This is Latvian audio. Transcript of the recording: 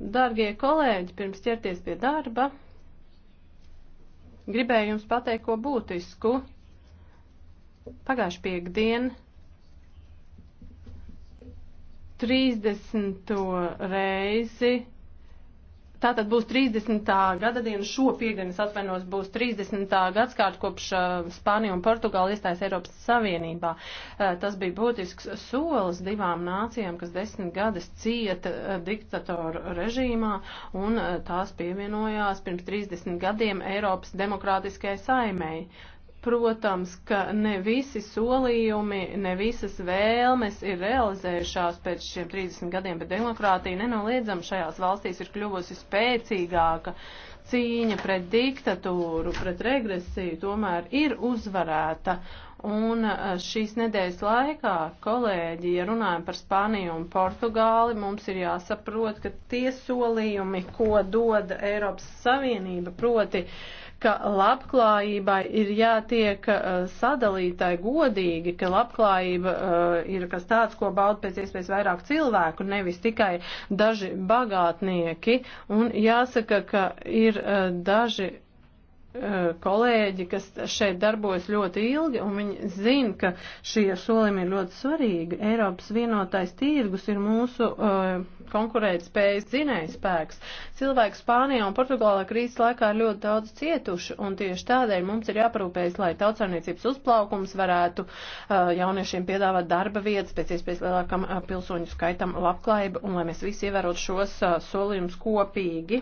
Dargie kolēģi, pirms ķerties pie darba, gribēju jums pateikt ko būtisku. Pagājuši piekdien 30. reizi Tā tad būs 30. gada diena, šo piekdienas atvainos būs 30. gadskārt kopš uh, Spānija un Portugāla iestājas Eiropas Savienībā. Uh, tas bija būtisks solis divām nācijām, kas desmit gadus cieta uh, diktatoru režīmā un uh, tās pievienojās pirms 30 gadiem Eiropas demokrātiskajai saimēji. Protams, ka ne visi solījumi, ne visas vēlmes ir realizējušās pēc šiem 30 gadiem, bet demokrātija nenoliedzam šajās valstīs ir kļuvusi spēcīgāka. Cīņa pret diktatūru, pret regresiju tomēr ir uzvarēta. Un šīs nedēļas laikā, kolēģi, ja runājam par Spāniju un Portugāli, mums ir jāsaprot, ka tie solījumi, ko dod Eiropas Savienība, proti uh, ka labklājībai ir jātiek uh, sadalītai godīgi, ka labklājība uh, ir kas tāds, ko bauda pēc iespējas vairāk cilvēku, nevis tikai daži bagātnieki. Un jāsaka, ka ir uh, daži Eh, kolēģi, kas šeit darbojas ļoti ilgi, un viņi zina, ka šie solījumi ir ļoti svarīgi. Eiropas vienotais tirgus ir mūsu uh, eh, konkurētspējas zinējspēks. Cilvēki Spānijā un Portugālā krīzes laikā ir ļoti daudz cietuši, un tieši tādēļ mums ir jāparūpējas, lai tautsārniecības uzplaukums varētu uh, jauniešiem piedāvāt darba vietas, pēc iespējas lielākam uh, pilsoņu skaitam labklājību, un lai mēs visi ievērotu šos uh, solījumus kopīgi.